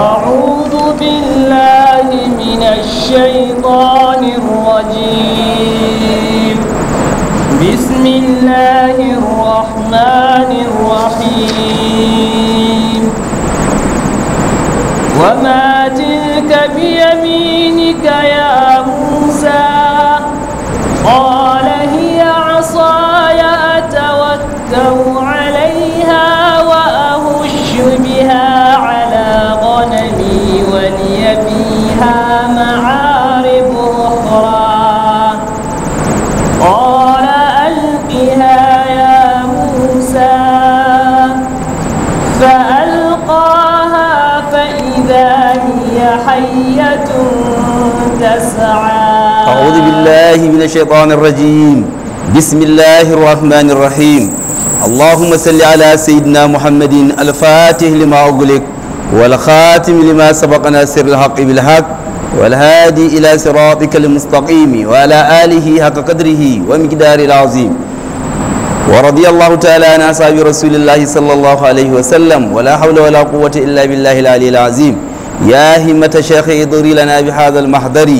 أعوذ بالله من الشيطان الرجيم بسم الله الرحمن الرحيم وما تلك بيمينك يا بالله من الشيطان الرجيم بسم الله الرحمن الرحيم اللهم صل على سيدنا محمد الفاتح لما أغلق والخاتم لما سبقنا سر الحق بالحق والهادي إلى صراطك المستقيم وعلى آله حق قدره ومقدار العظيم ورضي الله تعالى عن أصحاب رسول الله صلى الله عليه وسلم ولا حول ولا قوة إلا بالله العلي العظيم يا همة شيخ اضري لنا بهذا المحضر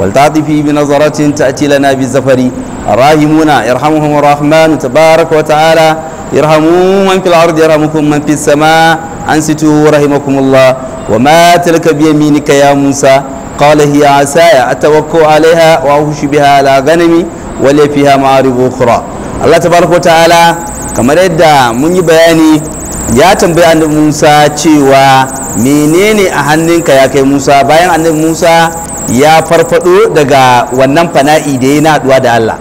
والتعطفي بنظرة تأتي لنا بالزفر الراهمون يرحمهم الرحمن تبارك وتعالى يرحموا من في الأرض يرحمكم من في السماء أنستوا رحمكم الله وما تلك بيمينك يا موسى قال هي عسايا أتوكأ عليها وأهش بها على غنمي ولي فيها معارب أخرى الله تبارك وتعالى كما رد من بياني ya tambayi annabi Musa cewa menene a hannunka ya kai Musa bayan annabi Musa ya farfado daga wannan fana'i da ya naduwa da Allah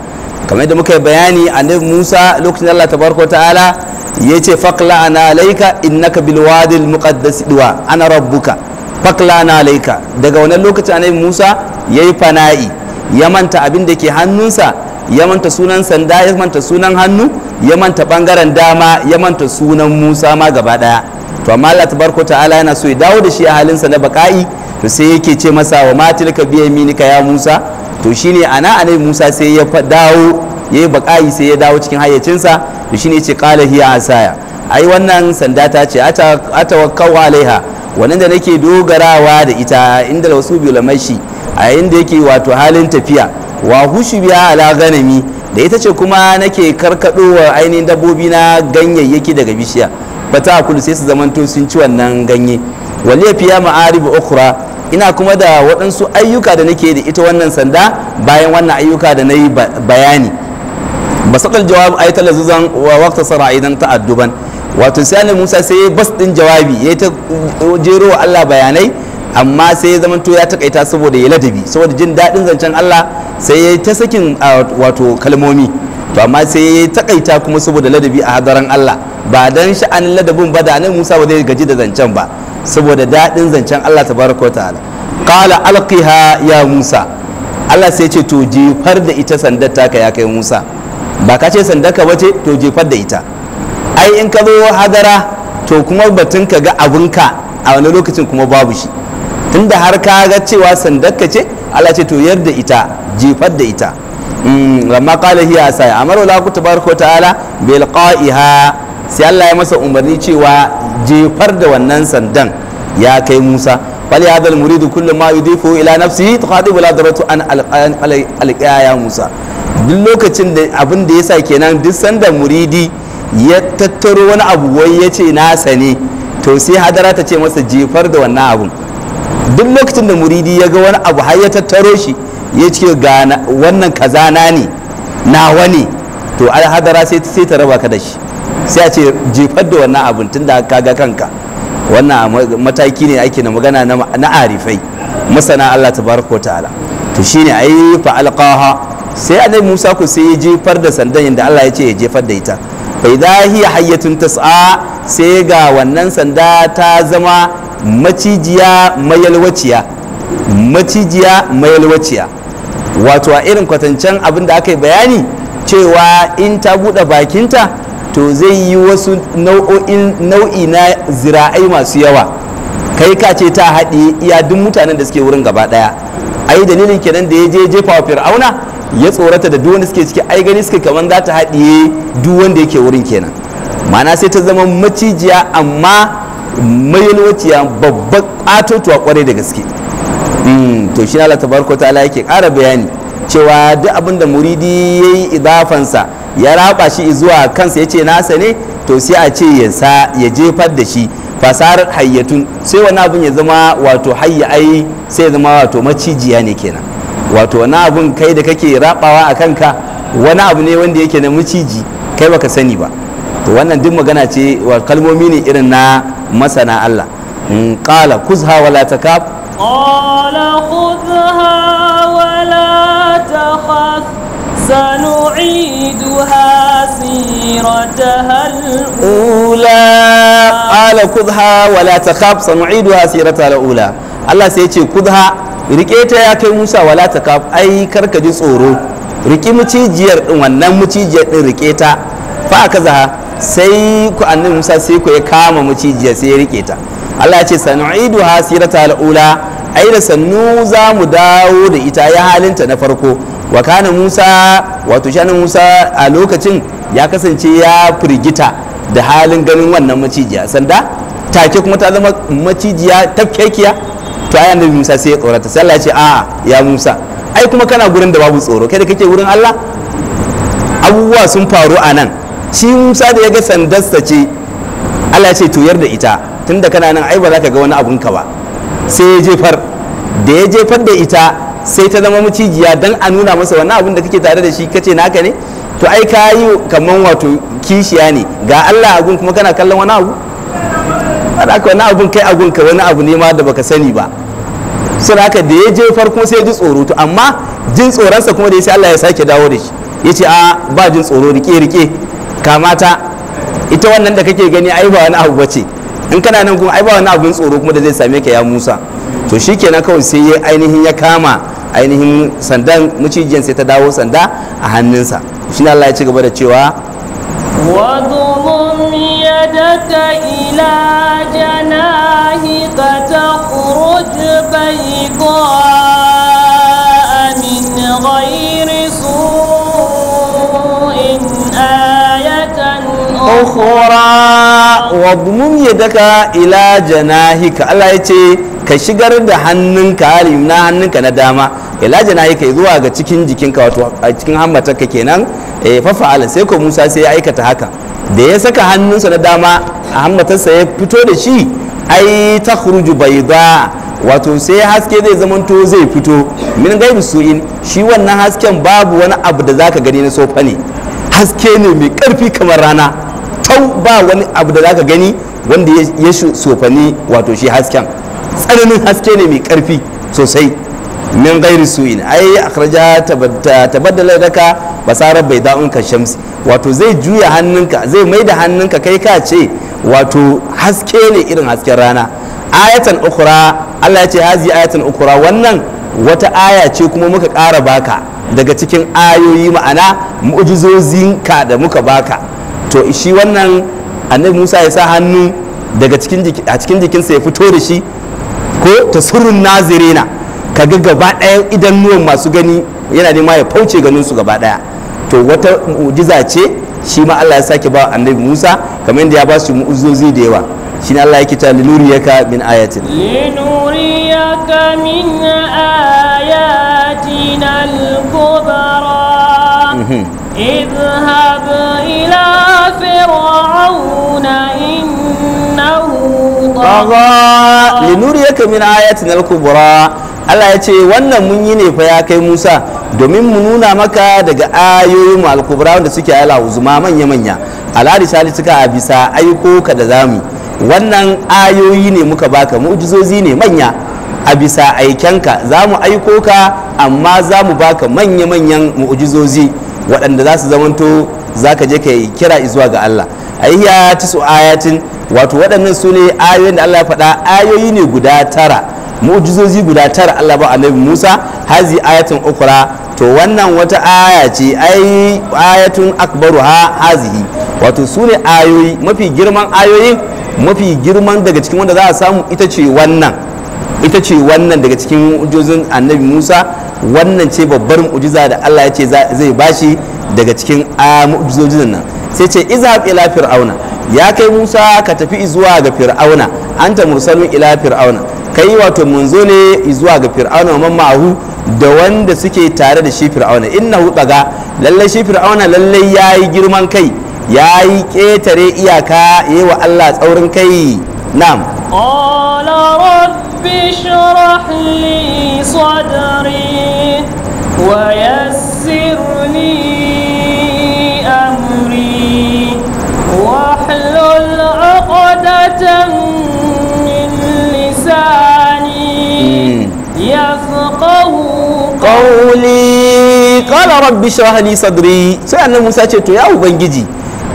kamar da muka yi bayani annabi Musa lokacin Allah ta barko ta'ala ya ce fakla na alaika innaka bil muqaddas duwa ana rabbuka fakla na laika. daga wannan lokacin annabi Musa ya yi fana'i ya manta abin da ke hannunsa ya manta sunan sanda ya manta sunan hannu ya manta bangaren dama ya manta sunan Musa ma gaba ɗaya. to amma Allah tabaraka ta'ala yana so ya dawo da shi a halinsa na baka'i to sai yake ce masa wa ka biya minika ya musa to shine ana anai musa sai ya dawo ya yi baƙayi sai ya dawo cikin hayyacinsa to shine ce kala hiya asaya ai wannan sanda ta ce atawakkau alaiha wannan da nake dogarawa da ita inda wasu lamashi a yayin da yake wato halin tafiya wa biya ala ganami da ita ce kuma nake karkadowa ainihin dabbobi na ganyayyaki daga bishiya bata kulu sai su zamanto sun ci wannan ganye waliyafiya ma'aribu ukura ina kuma da waɗansu ayyuka da nake da ita wannan sanda bayan wannan ayyuka da na yi bayani basakal ai ta lazuzan wa waqta sara idan ta'adduban wato sai Musa sai bas din jawabi ya ta jero wa Allah bayanai amma sai ya zamanto ya takaita saboda ya ladabi saboda jin daɗin zancen Allah sai ya ta sakin wato kalmomi to amma sai ya takaita kuma saboda ladabi a hadaran Allah ba dan sha'anin ladabin ba da nan Musa ba zai gaji da zancen ba saboda daɗin zancen Allah baraka wa ta'ala qala alqiha ya Musa Allah sai ce to jefar da ita sandar taka ya kai Musa ba ka ce sandar ka bace to jefar da ita ai in ka zo hadara to kuma batun ka ga abunka a wani lokacin kuma babu shi tunda har ka ga cewa sandar ka ce Allah ce to yarda ita jefar da ita mm, Amma qala hiya sai amara la ku tabaraka wa ta'ala bil qa'iha sai Allah ya masa umarni cewa jefar da wannan sandan ya kai musa bal ya dal muridu kullum ma yudifu ila nafsi tuqadibu la daratu an alqaya musa duk lokacin da abin da yasa kenan duk sandan muridi ya tattaro wani abu wai ya ce nasa ne to sai hadara ta ce masa jefar da wannan abun duk lokacin da muridi ya ga wani abu har ya tattaro shi ya ce ga wannan kazana ne nawa ne to al hadara sai ta raba ka da shi sai a ce jefar da wannan abin tun da kaga kanka wannan mataki ne ake na magana na arifai masana Allah Ta tabaraka ta'ala to shine ai fa alqaha sai annabi Musa ku sai ya jefar da sandan inda Allah ya ce ya jefar da ita fa idha hiya hayyatun tas'a sai ga wannan sanda ta zama macijiya mayalwaciya macijiya mayalwaciya wato a irin kwatancen abin da aka yi bayani cewa in ta buɗe bakinta to zai yi wasu nau'i na zira'ai masu yawa kai ka ce ta haɗe iya duk mutanen da suke wurin gaba ɗaya ai dalilin kenan da ya je jefa wa fir'auna ya tsorata da duk wanda suke ciki ai gani suke kamar za ta haɗiye duk wanda yake wurin kenan Ma'ana sai ta zama macijiya amma mayalwaciya babban ƙatotuwa kwarai da gaske hmm, to shi na Allah ta ala yake ƙara bayani cewa duk abin da muridi yi idafansa ya raba shi zuwa kansa ya ce nasa ne to sai a ce ya jefar da shi fasar hayyatun sai wani abin ya zama wato hayya ai sai ya zama wato macijiya ne kenan wato wani abin kai da kake rabawa a kanka wani abu ne wanda yake na maciji kai baka sani ba to wannan duk magana ce wa kalmomi ne irin na masana Allah mm, qala kuzha wala takaf qala kuzha wala takhaf sanu'i أعيدها سيرتها الأولى قال خذها ولا تخاف سنعيدها سيرتها الأولى الله سيتي خذها rike ya kai Musa wala ta kaf ai karka ji tsoro riki mucijiyar din wannan mucijiyar din riketa ta fa aka zaha sai ku annabi Musa sai ku ya kama mucijiyar sai ya rike Allah ya ce sanu'idu hasirata al'ula ai da sannu za mu dawo da ita ya halinta na farko wa musa wato shanin musa a lokacin ya kasance ya firgita da halin ganin wannan macijiya sanda take kuma ta zama macijiya kekiya to ai annabi musa sai ya tsorata sai Allah ya ce a ya musa ai kuma kana gurin da babu tsoro kai da kake wurin Allah abubuwa sun faru a nan shi musa da ya ga sandarsa ce Allah ya ce tuyar da ita tunda kana nan ai ba za ka ga wani abun ka ba sai ya jefar da ya jefar da ita sai ta zama macijiya dan a nuna masa wannan abin da kake tare da shi kace naka ne to ai ka yi kaman wato kishiya ne ga Allah abun kuma kana kallon wani abu da haka wani abun kai abun ka wani abu ne ma da baka sani ba sai haka da ya je farko sai ya ji tsoro to amma jin tsoronsa kuma da ya sai Allah ya sake dawo da shi ya ce a ba jin tsoro rike rike kamata ita wannan da kake gani ai ba wani abu bace in kana nan kuma ai ba wani abun tsoro kuma da zai same ka ya Musa to na kawai sai ya ainihin ya kama ainihin sandan mucijiyar sai ta dawo sanda a hannunsa shi na ya ci gaba da cewa wadumun yadda ila janahi ka ta kuruci bai min ghairi su ila janahi ka Allah ya ce ka shigar da hannunka na hannunka na dama na yake zuwa ga cikin jikinka wato a cikin hammatarka kenan eh fafa ala sai ko Musa sai ya aikata haka da ya saka hannunsa na dama a hammatarsa ya fito da shi ai takhruju bayda wato sai haske zai zamanto zai fito min gaibi su'in shi wannan hasken babu wani abu da zaka gani na sofa ne haske ne mai karfi kamar rana tau ba wani abu da zaka gani wanda ya sofani wato shi hasken tsananin haske ne mai karfi sosai min gairi su'in ai akhraja tabaddala daka basarar bai da'un ka shamsi wato zai juya hannunka zai mai da hannunka kai ka ce wato haske ne irin hasken rana ayatan ukura Allah ya ce hazi ayatan ukura wannan wata aya ce kuma muka ƙara baka daga cikin ayoyi ma'ana mu'jizozinka da muka baka to shi wannan annabi Musa ya sa hannu daga cikin jikinsa ya fito da shi ko ta surun nazirina ga gaba ɗaya nuwan masu gani yana nema ya fauce ganin su gaba ɗaya to wata mu'jiza ce shi ma Allah ya sake ba annabi Musa kamar yadda ya ba su mu'uzozi da yawa shi ne Allah ya kita ka min ayatin linuriyaka min ayatin al kubara mhm. idhhab ila fir'aun طغى لنريك من آياتنا الكبرى Allah ya ce wannan mun yi ne fa ya kai Musa domin mu nuna maka daga mu al-kubra wanda suke ala uzuma manya manya alhari suka a bisa aiko ka da zamu wannan ayoyi ne muka baka mu'jizozi ne manya a bisa aikenka zamu aiko ka amma zamu baka manya manyan mu'jizozi waɗanda za su zamanto za ka je kai kira zuwa ga Allah ayya tisu ayatin wato waɗannan su ne ayoyin da Allah ya faɗa ayoyi ne guda tara mu'jizozi guda tara Allah ba annabi Musa hazi ayatin ukra to wannan wata aya ce ai ayatun akbaru ha hazihi wato su ne ayoyi mafi girman ayoyin mafi girman daga cikin wanda za a samu ita ce wannan ita ce wannan daga cikin mu'jizozin annabi Musa wannan ce babbar mu'jiza da Allah ya ce zai bashi daga cikin ah, mu'jizojin nan sai ce iza ila fir'auna ya kai musa ka tafi zuwa ga fir'auna anta mursalun ila fir'auna kai wato munzo ne zuwa ga fir'auna man mahu da wanda suke tare da shi fir'auna innahu daga lalle shi fir'auna lalle yayi girman kai ya yi ketare iyaka yayi wa Allah tsaurin kai na'am qala rabbi shrah عقدة من لساني يفقه قولي قال رب اشرح لي صدري سألنا موسى to ya ubangiji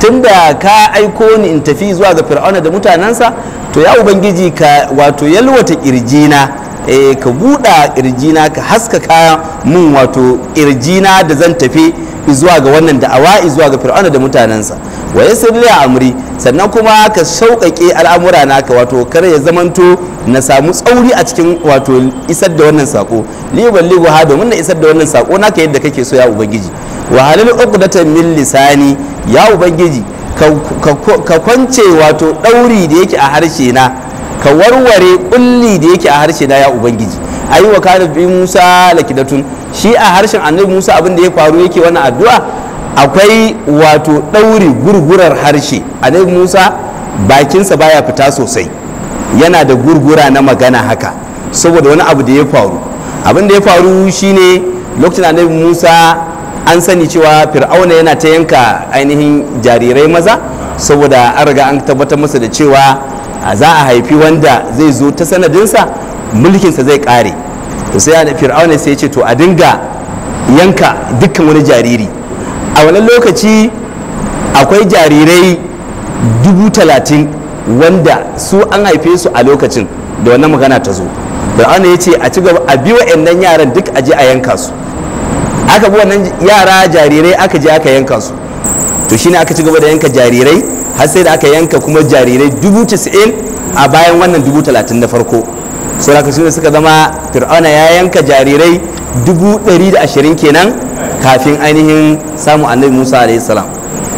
tunda ka aiko ni in tafi zuwa ga fir'auna da mutanensa to ya ubangiji ka wato yalwata kirjina e, ka buɗa kirjina ka haskaka mun wato kirjina da zan tafi zuwa ga wannan da'awa zuwa ga fir'auna da mutanensa wa yassir li amri sannan kuma ka sauƙaƙe al'amura naka wato kar ya zamanto na samu tsauri a cikin wato isar da wannan sako liban ballighu ha domin na isar da wannan sako naka yadda kake so ya ubangiji wa halil uqdatan min lisani ya ubangiji ka kwance wato ɗauri da yake a harshe na ka warware kulli da yake a harshe na ya ubangiji ayi wa kana bi musa lakidatun shi a harshen annabi musa abin da ya faru yake wannan addu'a akwai wato ɗauri gurgurar harshe annabi musa bakinsa baya fita sosai yana da gurgura na magana haka saboda wani abu da ya faru abin da ya faru shine lokacin annabi musa an sani cewa fir'auna yana ta yanka ainihin jarirai maza saboda an riga an tabbatar masa da cewa za a haifi wanda zai zo ta sanadinsa mulkinsa zai kare sai fir'auna sai ce to a dinga yanka dukkan wani jariri a wani lokaci akwai jarirai dubu talatin wanda su an haife su a lokacin da wannan magana ta zo da ana ya ce a ci gaba a biwa nan yaran duk a je a yanka su aka bi wannan yara jarirai aka je aka yanka su to shine aka ci gaba da yanka jarirai har sai da aka yanka kuma jarirai dubu casa'in a bayan wannan dubu talatin na farko sauraka su ne suka zama fir'auna ya yanka jarirai dubu ɗari da ashirin kenan kafin ainihin samun annabi musa alaihi salam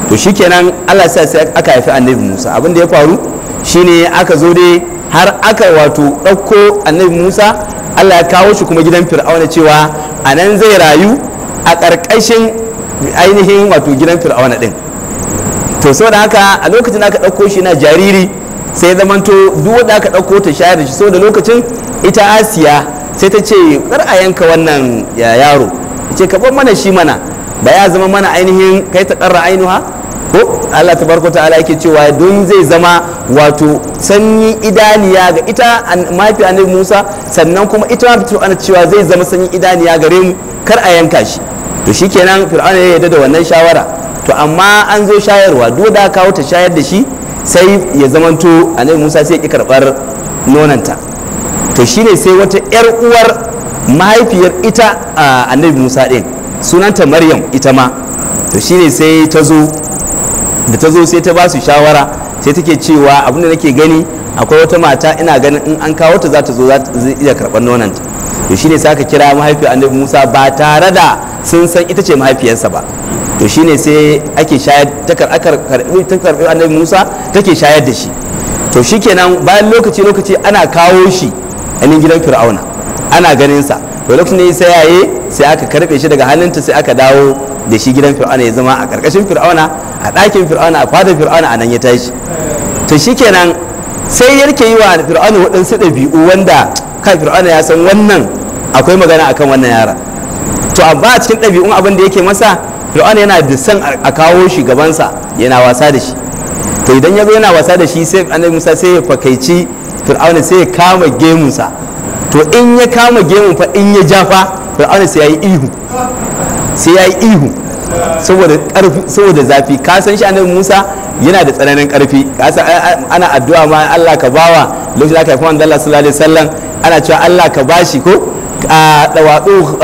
to shi kenan allah sa sai aka haifi annabi musa abin da ya faru shine aka zo dai har aka wato ɗauko annabi musa allah ya kawo shi kuma gidan fir'auna cewa a nan zai rayu a ƙarƙashin ainihin wato gidan fir'auna ɗin to saboda haka a lokacin aka ɗauko shi na jariri sai zamanto duk wanda aka ɗauko ta shayar da shi saboda lokacin ita asiya sai ta ce kar a yanka wannan yaro ce ka bar mana shi mana ba ya zama mana ainihin kai ta karra ainuha ko Allah tabaraka ta'ala yake cewa don zai zama wato sanyi idaniya ga ita mafi annabi Musa sannan kuma ita mafi ana cewa zai zama sanyi idaniya gare mu kar a yanka shi to shikenan fir'auna ya yarda da wannan shawara to amma an zo shayarwa duk da kawo ta shayar da shi sai ya zamanto annabi Musa sai ya ki karbar nonanta to shine sai wata yar uwar mahaifiyar ita a annabi musa ɗin, sunanta maryam ita ma to shine sai ta zo da ta zo sai ta ba su shawara sai take cewa abin da nake gani akwai wata mata ina ganin in an kawo ta za ta zo za ta iya karɓar ta. to shine sai aka kira mahaifiyar annabi musa ba tare da sun san ita ce mahaifiyarsa ba to shine sai ake shayar ta karɓi annabi musa take shayar da shi to shikenan bayan lokaci lokaci ana kawo shi ainihin gidan fir'auna ana ganin sa to lokacin ne ya sayaye sai aka karbe shi daga hannunta sai aka dawo da shi gidan fir'auna ya zama a karkashin fir'auna a ɗakin fir'auna a fadar fir'auna a nan ya tashi to shikenan sai yarke yi wa fir'auna waɗansu ɗabi'u wanda kan fir'auna ya san wannan akwai magana akan wannan yara to amma a cikin ɗabi'un abin da yake masa fir'auna yana da san a kawo shi gabansa yana wasa da shi to idan ya zo yana wasa da shi sai annabi musa sai ya fakaici fir'auna sai ya kama gemunsa to in ya kama gemun fa in ya ja fa fir'auna sai ya yi ihu sai ya yi ihu saboda zafi ka san shi annabi Musa yana da tsananin karfi ana addu'a ma Allah ka bawa lokacin da aka haifi manzo sallallahu alaihi wasallam ana cewa Allah ka bashi ko a dawatu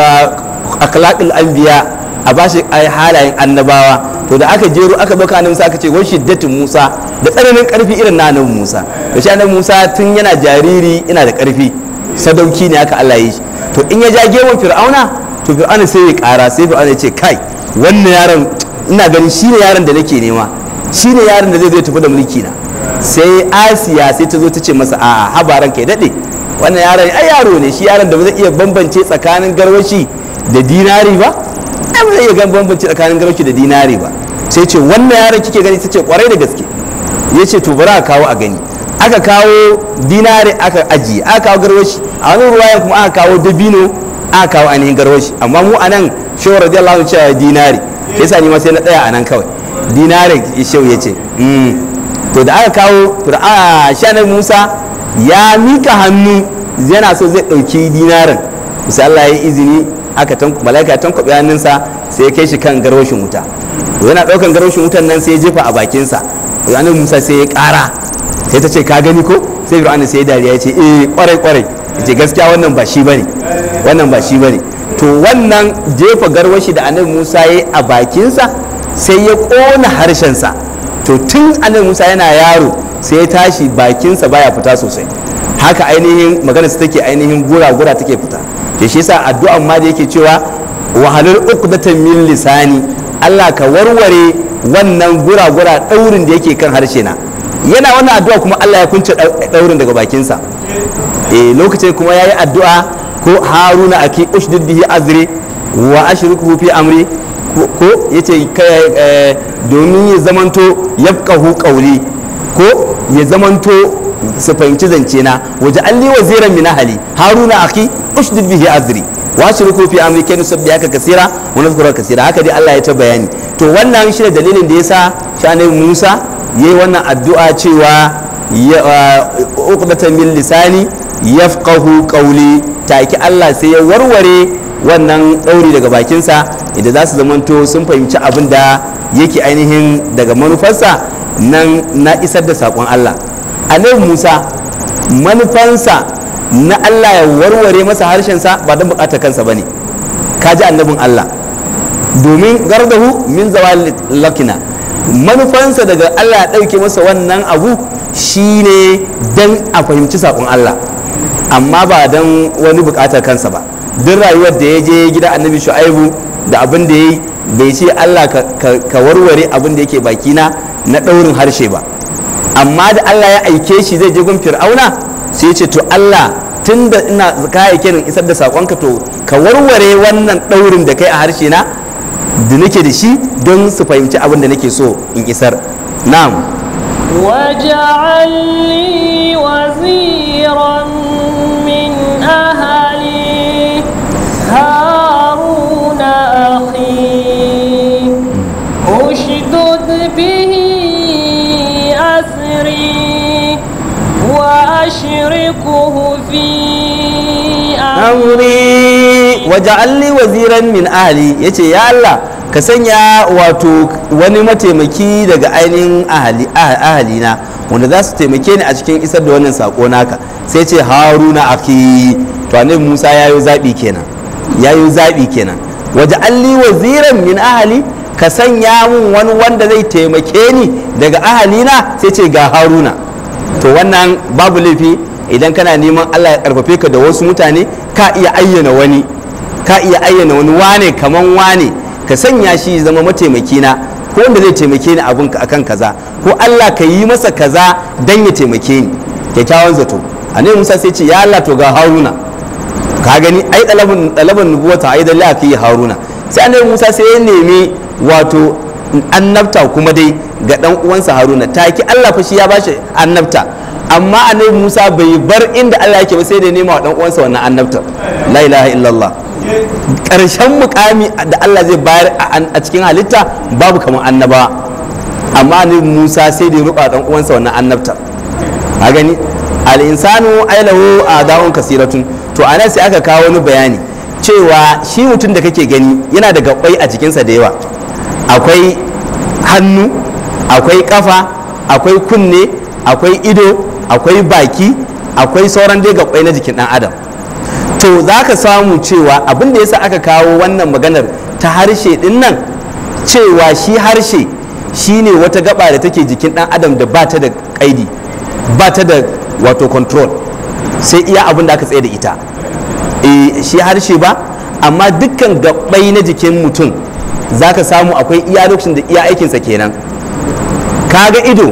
akhlaqul anbiya a bashi halayen annabawa to da aka jero aka baka annabi Musa aka ce wai shiddatin Musa da tsananin karfi irin na annabi Musa da shi annabi Musa tun yana jariri ina da karfi sadauki ne aka Allah yi to in ya ja gemun fir'auna to fir'auna sai ya kara sai fir'auna ya ce kai wannan yaron ina ganin shi ne yaron da nake nema shi ne yaron da zai zai tafi da mulki na sai asiya sai ta zo ta ce masa a'a habaran kai dade wannan yaron ai yaro ne shi yaron da ba zai iya bambance tsakanin garwashi da dinari ba ai ba zai iya bambance tsakanin garwashi da dinari ba sai ce wannan yaron kike gani ta ce kwarai da gaske ya ce to bari a kawo a gani aka kawo dinari aka aji aka kawo garwashi a wani ruwaya kuma aka kawo dabino aka kawo ainihin garwashi amma mu a nan shehu radiyallahu anhu cewa dinari yasa ni ma sai na tsaya a nan kawai dinari shehu ya ce mm. to da aka kawo shanar musa ya mika hannu yana so zai ɗauki dinarin sai Allah ya izini aka malaika tankwaɓe hannunsa sai ya kai shi kan garwashin wuta yana ɗaukan garwashin wutan nan sai ya jefa a bakinsa yana musa sai ya ƙara sai ta ce ka gani ko sai fir'auna sai dariya ya ce eh kwarai kwarai ya ce gaskiya wannan ba shi bane wannan ba shi bane to wannan jefa garwashi da annabi Musa yayi a bakinsa sai ya kona harshensa to tun annabi Musa yana yaro sai ya tashi bakinsa baya fita sosai haka ainihin magana su take ainihin gura-gura take fita ya shi yasa addu'an ma da yake cewa wahalar uku uqdatan min lisani Allah ka warware wannan gura-gura daurin da yake kan harshe na yana wannan addu'a kuma Allah ya kunce daurin daga bakinsa eh lokacin kuma yayi addu'a ko haruna aki ushdid bihi azri wa ashriku fi amri ko yace eh, domin ya zamanto yafqahu qawli ko ya zamanto su fahimci zance na waje alli waziran min ahli haruna aki ushdid bihi azri washirku fi amri kai nusabbi haka kasira wa nazkura kasira haka dai Allah ya ta bayani to wannan shi dalilin da yasa shi Musa Yi wannan addu'a cewa ya min lisani yafqahu Ta ki Allah sai ya warware wannan ɗauri daga bakinsa inda za su zamanto sun fahimci abin da yake ainihin daga manufarsa nan na isar da saƙon Allah annabi Musa manufansa na Allah ya warware masa harshensa ba don bukatar kansa ba ne Ka ji annabin Allah domin gardahu min zawal lakina manufansa daga Allah ya ɗauke masa wannan abu shine don a fahimci saƙon Allah amma ba don wani buƙatar kansa ba duk rayuwar da ya je gida annabi shu'aibu da abin da ya yi bai ce Allah ka warware abin da yake baki na na ɗaurin harshe ba amma da Allah ya aike shi zai je gun fir'auna sai ce to Allah tun da ina ka aike isar da saƙonka to ka warware wannan ɗaurin da kai a harshe na da nake da shi don su fahimci abin da nake so in isar na'am waj'alni waziran min ahli haruna akhi ushdud bihi asri wa ashrikuhu fi amri waj'alni waziran min ahli yace ya Allah ka sanya wato wani mataimaki daga ainihin ah, ahalina wanda za su taimake ni a cikin isar da wannan sako naka sai ce haruna aki to annabi musa ya yi zaɓi kenan ya yi zaɓi kenan waje alli waziran min ahali ka sanya mun wani wanda zai taimake ni daga ahalina sai ce ga haruna to wannan babu laifi idan kana neman allah ya karfafe ka da wasu mutane ka iya ayyana wani ka iya ayyana wani wane kaman wane ka sanya shi zama mataimaki na ko wanda zai taimake ni abin akan kaza ko Allah ka yi masa kaza dan ya taimake ni kyakkyawan zato annabi Musa sai ce ya Allah to ga Haruna ka gani ai dalabun dalabun nubuwata ai da lafi Haruna sai annabi Musa sai ya nemi wato annabta kuma dai ga dan uwansa Haruna taki Allah fa shi ya bashi annabta amma annabi Musa bai bar inda Allah yake ba sai da nema wa dan uwansa wannan annabta la ilaha illallah ƙarshen mukami da Allah zai bayar a cikin halitta babu kamar annaba amma ne Musa sai da ya roƙa dan uwansa wannan annabta a gani al-insanu ailahu adaun kasiratun to anan sai aka kawo wani bayani cewa shi mutum da kake gani yana da gaɓai a jikinsa da yawa akwai hannu akwai kafa akwai kunne akwai ido akwai baki akwai sauran dai gabbai na jikin ɗan adam to za ka samu cewa abin da yasa aka kawo wannan maganar ta harshe din nan cewa shi harshe shi ne wata gaba da take jikin dan adam da ba ta da kaidi ba ta da wato control sai iya abin da aka tsaye da ita e, shi harshe ba amma dukkan gabai na jikin mutum za ka samu akwai iya lokacin da iya aikinsa kenan kaga ido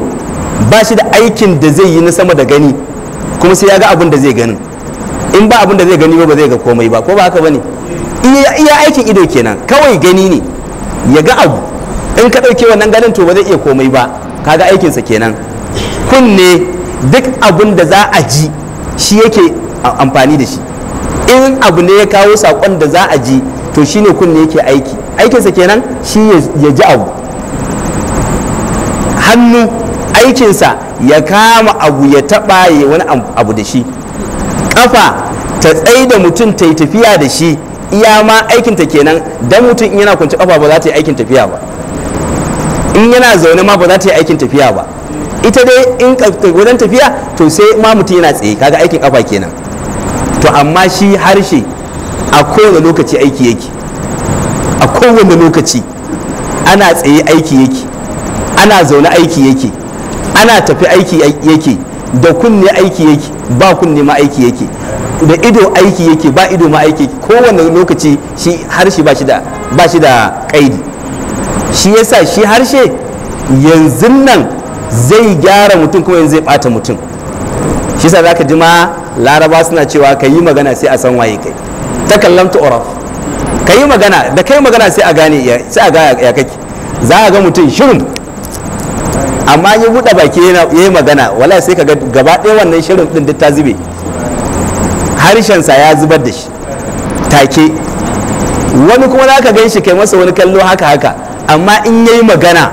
ba shi da aikin da zai yi na sama da gani kuma sai ya ga abin da zai ganin in ba abin da zai gani ba ba zai ga komai ba ko ba haka bane iya aikin ido kenan kawai gani ne ya ga abu in ka ɗauke wannan ganin to ba zai iya komai ba kaga aikinsa kenan kunne duk abin da za a ji shi yake amfani da shi in abu ne ya kawo saƙon da za a ji to shine kunne yake aiki aikinsa kenan shi ya ji abu hannu aikinsa ya kama abu ya taɓa ya wani abu da shi kafa ta tsaye da mutum ta yi tafiya da shi iya ma aikin kenan dan mutum in yana kwance kafa ba za ta yi aikin tafiya ba in yana zaune ma ba za ta yi aikin tafiya ba ita dai in wajen tafiya to sai ma mutum yana tsaye kaga aikin kafa kenan to amma shi harshe a kowane lokaci aiki yake a kowane lokaci ana tsaye aiki yake ana zaune aiki yake ana tafi aiki yake da kunne aiki yake ba kunne ma aiki yake da ido aiki yake ba ido ma aiki kowane lokaci shi harshe ba shi da ba shi da kaidi shi yasa shi harshe yanzu nan zai gyara mutum kuma yanzu zai bata mutum shi yasa zaka ji ma laraba suna cewa ka yi magana sai a san waye kai ta kallamta uraf ka yi magana da kai magana sai a gane sai a ga ya kake za a ga mutum shirin amma yi buɗe baki ya yi magana wala sai ka gaba ɗaya wannan shirin ɗin duk ta zube harshensa ya zubar da shi take wani kuma za ka gan shi kai masa wani kallo haka haka amma in ya yi magana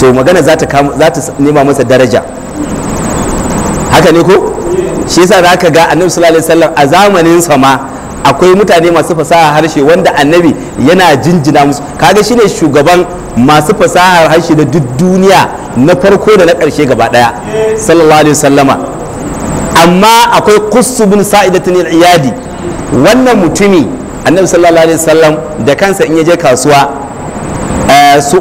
to magana za ta nema masa daraja haka ne ko shi yasa za ka ga annabi sallallahu alaihi wasallam a zamanin sa ma akwai mutane masu fasaha harshe wanda annabi yana jinjina musu kaga shine shugaban masu fasaha harshe da duk duniya na farko da na ƙarshe gaba ɗaya sallallahu alaihi wasallama amma akwai kusu bin sa'idatin iyadi wannan mutumi annabi sallallahu alaihi wasallam da kansa in ya je kasuwa eh, su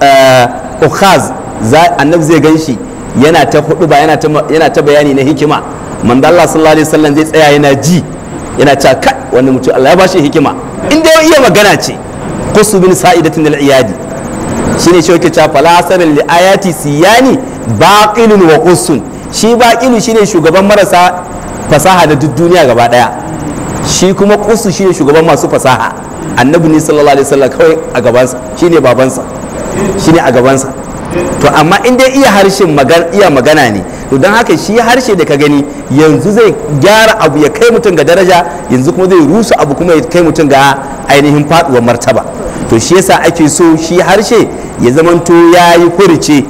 eh, ukhaz annabi zai gan shi yana ta hudu ba yana ta bayani na hikima manzo Allah sallallahu alaihi wasallam zai tsaya yana ji yana ta kai wannan mutum Allah ya bashi hikima inda ya iya magana ce kusu bin sa'idatin iyadi shine shi yake cewa asarin li ayati siyani baqilun wa qussun shi baqilu shine shugaban marasa fasaha na duk duniya gaba daya shi kuma qussu shine shugaban masu fasaha annabi ne sallallahu alaihi wasallam kawai a gabansa shine babansa shine a gabansa to amma in dai iya harshen magana iya magana ne to don haka shi harshe da ka gani yanzu zai gyara abu ya kai mutum ga daraja yanzu kuma zai rusa abu kuma ya kai mutum ga ainihin faduwar martaba to shi yasa ake so shi harshe ya zamanto ya yi furici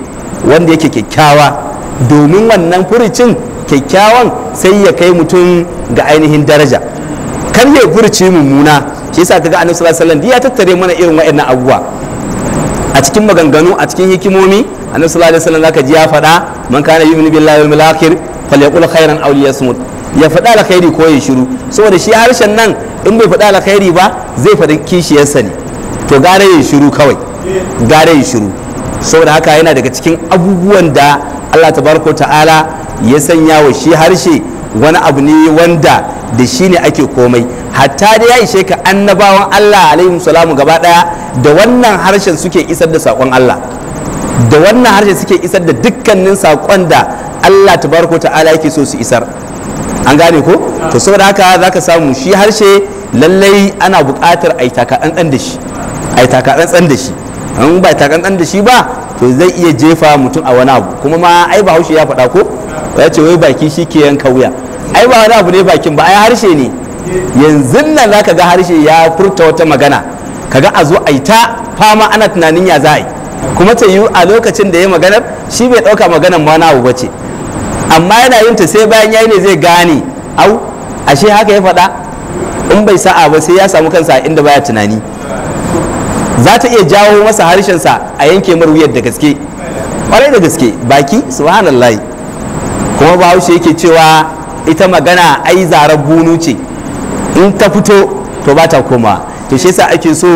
wanda yake kyakkyawa domin wannan furicin kyakkyawan sai ya kai mutum ga ainihin daraja kan ya furici mummuna shi yasa kaga annabi sallallahu alaihi wasallam ya tattare mana irin wa'annan abubuwa a cikin maganganu a cikin hikimomi annabi sallallahu alaihi wasallam zaka ji ya faɗa man kana yu'minu billahi wal akhir falyaqul khairan aw liyasmut ya faɗa alkhairi ko ya shiru saboda shi harshen nan in bai faɗa alkhairi ba zai faɗi kishiyarsa ne to gara ya shiru kawai gare ya shiru saboda haka yana daga cikin abubuwan da Allah tabaraka ta'ala ya sanya wa shi harshe wani abu ne wanda da shi ne ake komai hatta da ya ishe ka annabawan Allah alaihim salamu gaba daya da wannan harshen suke isar da saƙon Allah da wannan harshe suke isar da dukkanin saƙon da Allah tabaraka ta'ala yake so su isar an gane ko to saboda haka zaka samu shi harshe lallai ana buƙatar ai taka ɗan da shi a da shi an ba ta kankan da shi ba to zai iya jefa mutum a wani abu kuma ma ai ba haushi ya faɗa ko ya ce wai baki shi ke yanka wuya ai ba wani abu ne bakin ba ai harshe ne yanzu nan za ka ga harshe ya furta wata magana Ka ga a zo a yi ta fama ana tunanin ya za a yi kuma ta yi a lokacin da ya maganar shi bai ɗauka maganar ma na abu ba ce amma yana yin ta sai bayan ya yi ne zai gane au ashe haka ya faɗa in bai sa'a ba sai ya samu kansa inda baya tunani za ta iya jawo masa harshensa a yanke mar wuyar da gaske kwarai da gaske baki subhanallahi kuma bahaushe yake cewa ita magana ai zarar bunu ce in ta fito to ba ta koma to shi yasa ake so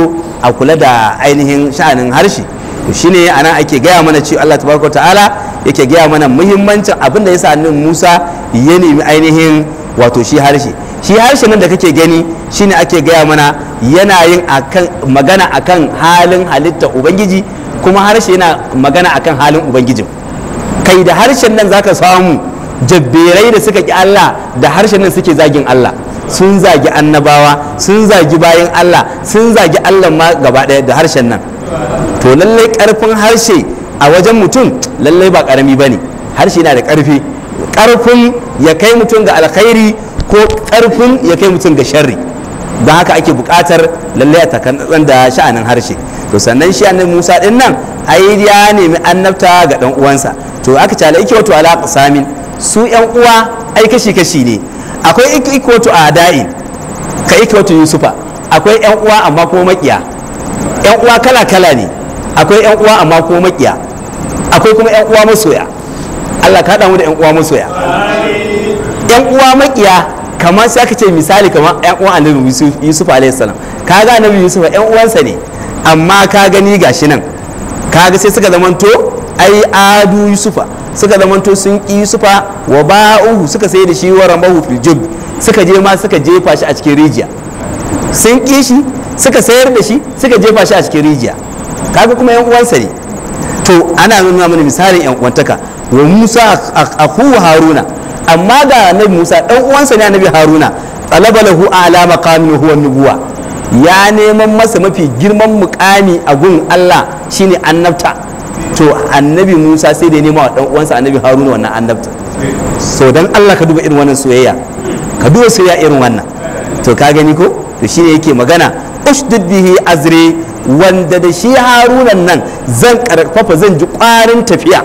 a kula da ainihin sha'anin harshe to shine anan ake gaya mana cewa Allah tabaraka ta'ala yake gaya mana muhimmancin abin da yasa nin Musa ya nemi ainihin wato shi harshe shi harshen nan da kake gani shine ake gaya mana yana yin magana akan halin halitta ubangiji kuma harshe yana magana akan halin ubangijin kai da harshen nan zaka samu jabberai da suka ki Allah da harshen nan suke zagin Allah sun zagi annabawa sun zagi bayan Allah sun zagi Allah ma gaba ɗaya da harshen nan to lallai ƙarfin harshe a wajen mutum lallai ba ƙarami ba ne. harshe yana da karfi Ƙarfin ya kai mutum ga alkhairi ko karfin ya kai mutum ga sharri don haka ake bukatar lalle a takan da sha'anin harshe to sannan shi annabi Musa din nan ai ya nemi annabta ga dan uwansa to aka cala yake wato alaƙa Samin, su yan uwa ai kashi kashi ne akwai ikwatu Ada'in ka wato yusufa akwai yan uwa amma ko makiya yan uwa kala kala ne akwai yan uwa amma ko makiya akwai kuma yan uwa masoya Allah ka mu da yan uwa masoya yan uwa makiya kamar sai aka ce misali kamar yan uwan annabi yusuf yusuf alayhi salam ga annabi yusuf yan uwansa ne amma ka gani gashi nan ka ga sai suka zamanto ai adu yusufa suka zamanto sun ki yusufa wa ba'uhu suka sai da shi wa rambahu fil jub suka je ma suka jefa shi a cikin rijiya sun ki shi suka sayar da shi suka jefa shi a cikin rijiya kaga kuma yan uwansa ne to ana nuna mana misalin yan uwantaka wa musa akhu haruna amma ga annabi Musa dan uwansa ne annabi Haruna talabalahu ala maqamin huwa nubuwa ya neman masa mafi girman mukami a gun Allah shine annabta to annabi Musa sai da nema wa dan uwansa annabi Haruna wannan annabta so dan Allah ka duba irin wannan soyayya ka duba soyayya irin wannan to ka gani ko to shine yake magana ushdid bihi azri wanda da shi harunan nan zan karfafa zan ji kwarin tafiya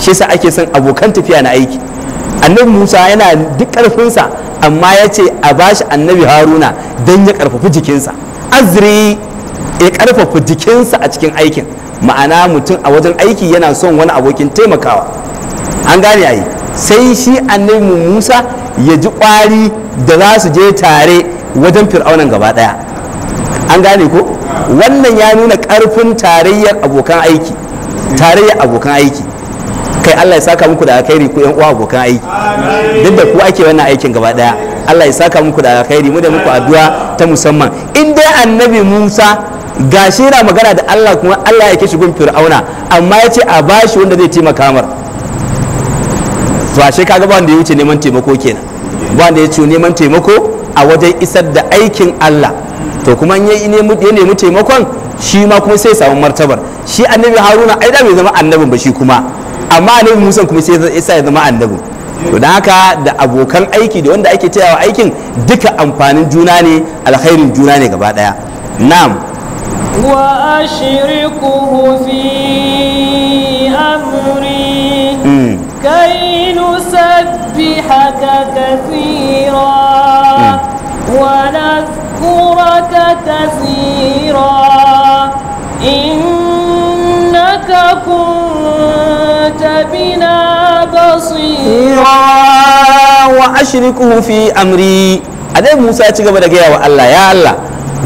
shi sa ake son abokan tafiya na aiki annabi musa yana duk karfinsa amma ya ce a bashi annabi haruna don ya karfafi jikinsa azri ya karfafi jikinsa a cikin aikin ma'ana mutum a wajen aiki yana son wani abokin taimakawa an gane yayi sai shi annabi musa ya ji kwari da za su je tare wajen fir'aunan gaba daya an gane ko wannan ya nuna ƙarfin tarayyar abokan aiki kai Allah ya saka muku da alkhairi ku yan uwa abokan aiki duk da ku ake wannan aikin gaba daya Allah ya saka muku da alkhairi mu da muku addu'a ta musamman in dai annabi Musa gashi yana magana da Allah kuma Allah ya kishi gun fir'auna amma ya ce a bashi wanda zai taimaka mar to ashe kaga ba wanda ya wuce neman taimako kenan ba wanda ya ce neman taimako a wajen isar da aikin Allah to kuma ya nemi taimakon shi ma kuma sai samu martabar shi annabi haruna ai da bai zama annabin ba shi kuma amma annabi musan kuma sai isa ya zama annabi to da haka da abokan aiki da wanda ake tayawa aikin duka amfanin juna ne alkhairin juna ne gaba daya na'am wa ashriquhu fi amri hmm. kai nusabbihaka kathira hmm. wa nadhkuraka kathira innaka wa amri. كثيرا Musa ya ci gaba da gaya wa Allah. Ya Allah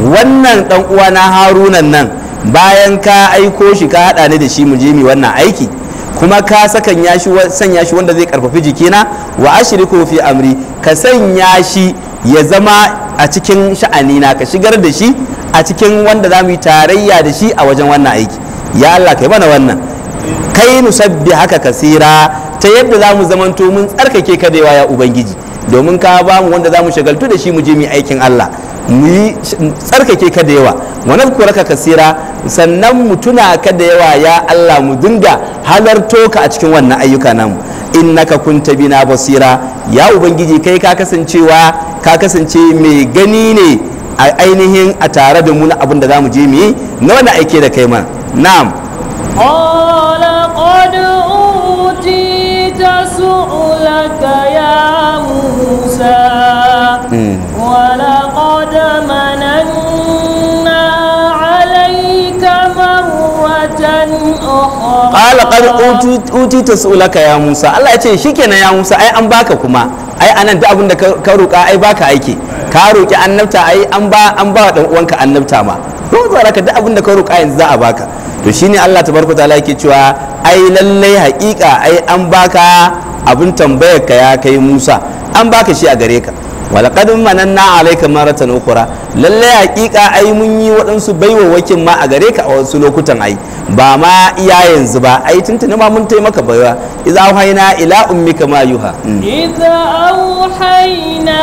wannan dan uwa na Haruna nan bayan ka aiko shi ka hada ni da shi mu je mi wannan aiki kuma ka sakan ya shi sanya shi wanda zai karfafi jikina wa ashriku fi amri ka sanya shi ya zama a cikin sha'anina ka shigar da shi a cikin wanda za mu yi tarayya da shi a wajen wannan aiki ya Allah kai mana wannan kai nusabbi haka kasira ta yadda za mu zamanto mun tsarkake ka da ya ubangiji domin ka ba mu wanda za mu shagaltu da shi mu je mu aikin Allah mu yi tsarkake ka da yawa wa nazkuraka kasira sannan mu tuna ka da yawa ya Allah mu dinga halarto ka a cikin wannan ayyuka namu innaka kunta bina basira ya ubangiji kai ka kasancewa ka kasance mai gani ne a ainihin a tare da mu na abin da mu je mu yi na wannan aike da kai ma na'am سؤلك يا موسى ولقد مننا عليك مرة أخرى قال قد أوتيت سؤلك يا موسى الله يتشي شكنا يا موسى أي أم باك كما أي أنا ka roƙa ai baka aiki ka roƙi annabta ai an ba an ba annabta ma ko zara ka duk abin da ka roƙa yanzu za a baka to shine Allah ta ta'ala yake cewa ai lallai haƙiƙa ai an baka abin tambayar ka ya kai Musa an baka shi a gare ka walaqad mananna alayka maratan ukhra lallai haƙiƙa ai mun yi waɗansu baiwawakin ma a gare ka a wasu lokutan ai ba ma iya yanzu ba ai tuntuni ma mun taimaka baiwa idza auhayna ila ummika ma yuha idza auhayna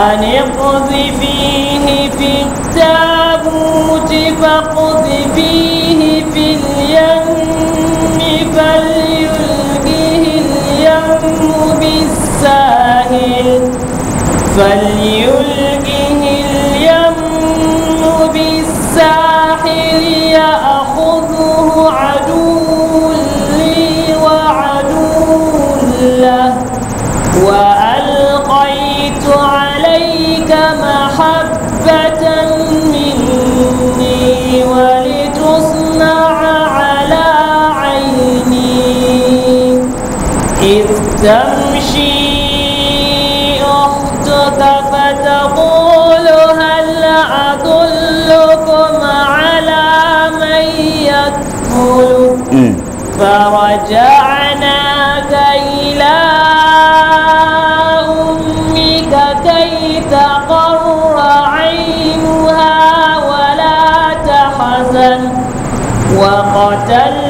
أن اقتلوا تمشي أختك فتقول هل أدلكم على من يكفل فرجعناك إلى أمك كي تقر عينها ولا تحزن وقتل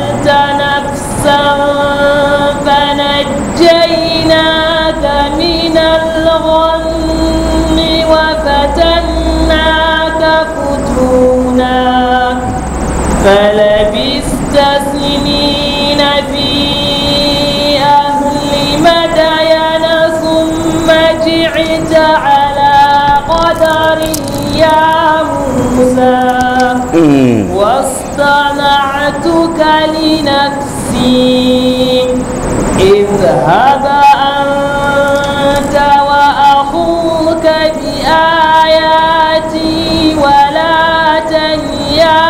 اذهبا أنت وأخوك بآياتي ولا تنيا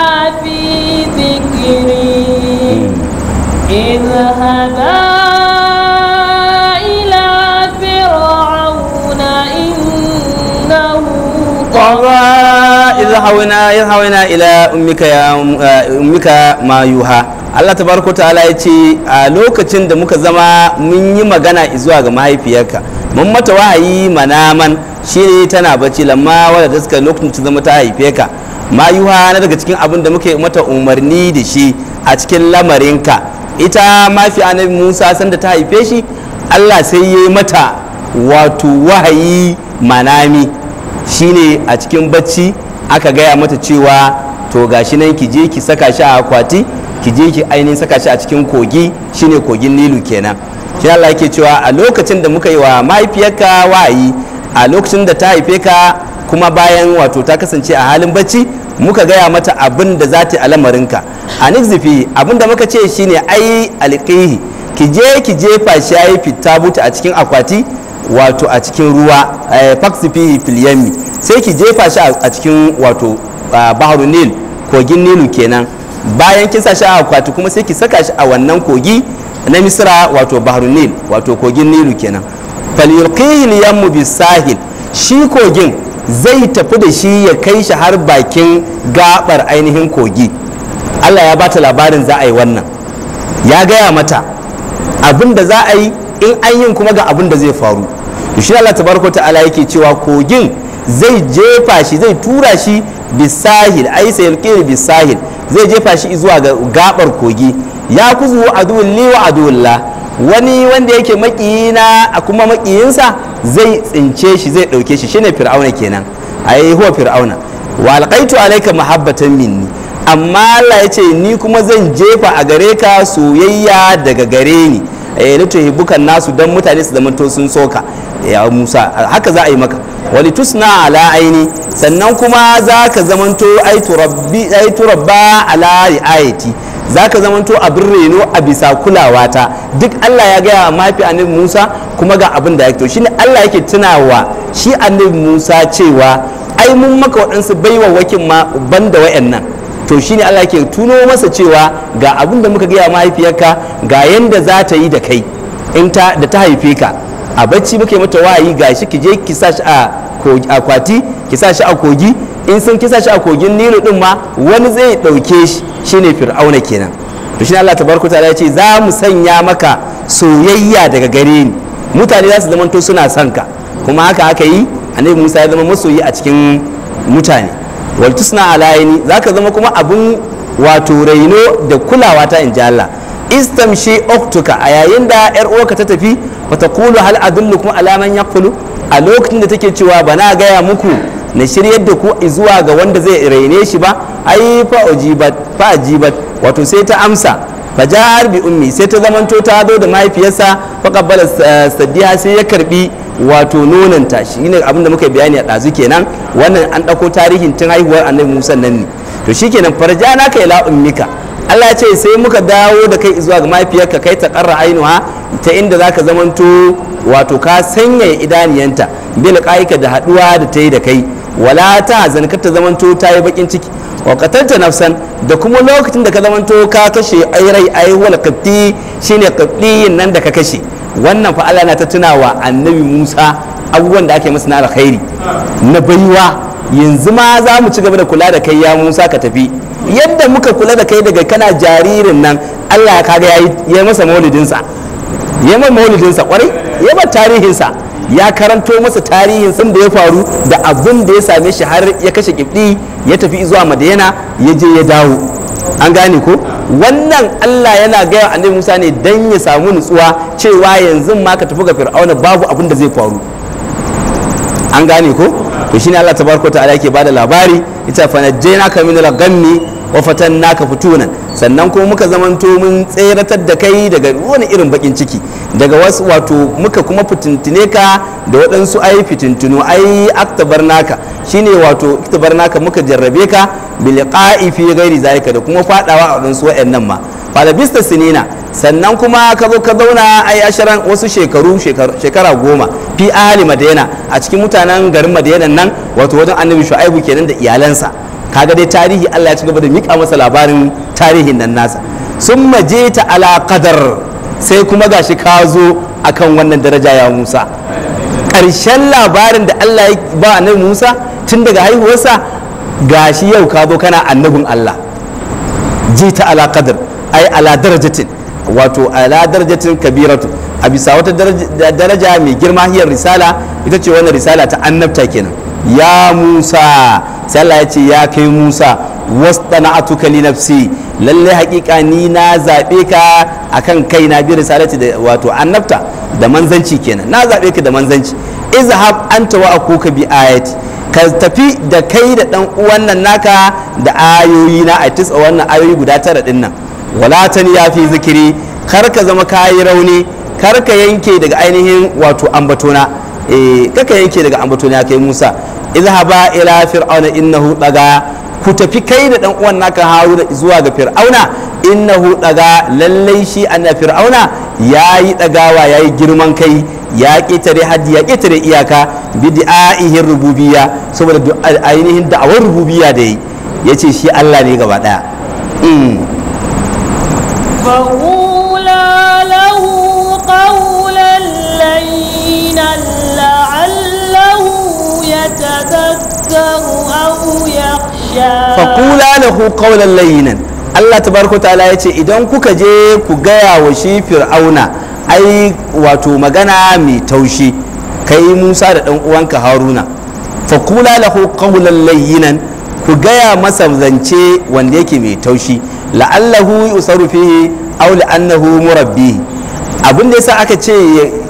في ذكري اذهبا إلى فرعون إنه طغى اذهبنا إلى أمك يا آه، أمك ما يوها Allah ta tabaraka ta'ala ya ce a lokacin da muka zama mun yi magana izuwa ga mahaifiyarka mun mata wahayi manaman ne tana bacci lamma wadda ta suka lokacin ta zama ta haife ka yi na daga cikin abin da muka mata umarni da shi a cikin lamarinka ita mafi annabi Musa sanda ta haife shi Allah sai ya yi mata wato wahayi manami shine a cikin bacci aka gaya mata cewa to gashi nan ki je ki saka shi a akwati ki je ki ainihin saka shi a cikin kogi shine kogin nilu kenan shi Allah yake cewa a lokacin da muka yi wa mahaifiyarka wa'ayi a lokacin da ta haife ka kuma bayan wato ta kasance a halin bacci muka gaya mata abin da za ta yi a lamarinka a nixzifi abin da muka ce shine ai alƙihi ki je ki jefa shi ya yi a cikin akwati wato a cikin ruwa faksifihi eh, filiyami sai ki jefa shi a cikin wato ah, baharu nil kogin nilu kenan bayan kin sa shi a akwati kuma sai ki saka shi a wannan kogi na misra wato bahrun nil wato kogin nilu kenan falyulqihil yammu bisahil shi kogin zai tafi da shi ya kai shi har bakin gabar ainihin kogi Allah ya bata labarin za a yi wannan ya gaya mata abin da za a yi in an yin kuma ga abin da zai faru shi Allah tabaraka ta'ala yake cewa kogin zai jefa shi zai tura shi bisahil ai sayulqihil bisahil zai jefa shi zuwa ga gabar kogi ya kuzu aduwin li wa wani wanda yake makiyina a kuma makiyinsa zai tsince shi zai ɗauke shi shine fir'auna kenan yi huwa fir'auna wa alaika mahabbatan minni amma Allah ya ce ni kuma zan jefa a gare ka soyayya daga gare ni lituhibbuka eh, nasu dan mutane su zamanto sun soka ya Musa haka za a yi maka wali tusna ala aini sannan kuma za ka zamanto aitu rabba ala ri'ayati za ka zamanto abin reno a bisa kulawa ta. duk Allah ya gaya mafi annabi Musa kuma ga abin da ya to shine Allah yake tunawa shi annabi Musa cewa ai mun maka waɗansu baiwa wakin ma banda wayannan to shine Allah ke tuno masa cewa ga abin da muka gaya mahaifiyarka ga yanda za ta yi da kai in ta da ta haife ka a bacci muke mata wayi gashi ki je ki sa shi a akwati ki sa shi a kogi in sun sa shi a kogin nilu din ma wani zai dauke shi shine fir'auna kenan to shine Allah tabaraka ta'ala ya ce za mu sanya maka soyayya daga gare ni mutane za su zamanto suna son ka kuma haka aka yi annabi Musa ya zama masoyi a cikin mutane waltusna za zaka zama kuma abin wato raino da kulawa ta ji Allah istamshi oktuka a yayin da yar uwarka ta tafi wata kulu hal kuma ala man yaqulu a lokacin da take cewa bana gaya muku na shiryar da ku zuwa ga wanda zai raine shi ba ai fa ajibat fa ajibat wato sai ta amsa fajar bi ummi sai ta zamanto ta zo da mahaifiyarsa bala eh, Sadiya sai ya karbi wato nonon ta shi ne abin da muka bayani a ɗazu kenan wannan an ɗauko tarihin tun haihuwar annabi musa nan ne to shikenan na kai la ummika Allah ce sai muka dawo da kai zuwa ga mahaifiyarka kai ta karra ainuha ta inda zaka zamanto wato ka sanyaya idaniyanta bil qaika da haduwa da tayi da kai wala ta zanka ta zamanto ta yi bakin ciki wa nafsan da kuma lokacin da ka zamanto ka kashe airai rai ai wala qibti shine qibtiyin nan da ka kashe wannan fa Allah na ta tunawa annabi Musa abubuwan da ake masa na alkhairi na baiwa yanzu ma za mu ci gaba da kula da kai ya Musa ka tafi yadda muka kula da kai daga kana jaririn nan Allah ya kaga yayi ya masa maulidinsa ya ma maulidinsa kwarai ya ma tarihinsa ya karanto masa tarihin sun da ya faru da abin da ya same shi har ya kashe kibdi ya tafi zuwa madayana ya je ya dawo an gane ko wannan Allah yana gaya annabi Musa ne dan ya samu nutsuwa cewa yanzu ma ka tafi ga Fir'auna babu abin da zai faru an gane ko to shine Allah tabaraka ta'ala yake bada labari ita fa najjayna ka min al-ghammi wa fatannaka nan sannan kuma muka zamanto mun tseratar da kai daga wani irin bakin ciki daga wasu wato muka kuma fitintine ka da waɗansu ai fitintinu ai aktabar naka shine wato aktabar naka muka jarrabe ka bilqa'i fi ghairi zalika da kuma fadawa a waɗansu waɗannan ma falabista sinina sannan kuma ka zo ka zauna ai asharan wasu shekaru shekara goma fi ali madina a cikin mutanen garin madina nan wato wajen annabi shu'aibu kenan da iyalansa kaga dai tarihi Allah ya ci gaba da mika masa labarin tarihin nan nasa sun maje ta ala kadar sai kuma gashi ka zo akan wannan daraja ya Musa ƙarshen labarin da Allah ya ba annabi Musa tun daga haihuwarsa gashi yau ka zo kana annabin Allah Je ta ala kadar ai ala darajatin wato ala darajatin kabiratu a bisa wata daraja mai girma hiyar risala ita ce wannan risala ta annabta kenan ya musa sai ya ce ya kai musa wastana'atuka li nafsi lalle haƙiƙa ni na zabe ka akan kai na bi risalati da wato annabta da manzanci kenan na zabe ka da manzanci izhab anta wa akuka bi ayati ka tafi da kai da dan uwan naka da ayoyi na a tisa wannan ayoyi guda tara din nan wala tan ya fi zikiri kar ka zama kayi rauni kar ka yanke daga ainihin wato ambatona eh kaka yanke daga ambaton ya kai Musa izhaba ila fir'auna innahu daga ku tafi kai da dan uwan naka Haruna zuwa ga fir'auna innahu daga lallai shi anna fir'auna yayi dagawa yayi girman kai ya ƙetare haddi ya ƙetare iyaka bid'a'ihin rububiyya saboda ainihin da'awar rububiyya da yi yace shi Allah ne gaba daya hmm. يتذكر أو يخشى فقولا له قولا لينا Allah tabaraka ta'ala ya ce idan kuka je ku gaya wa shi fir'auna ai wato magana mai taushi kai Musa da ɗan uwanka Haruna kula lahu qawlan layyinan ku gaya masa zance wanda yake mai taushi la'allahu yusaru fihi aw la'annahu murabbi abin da yasa aka ce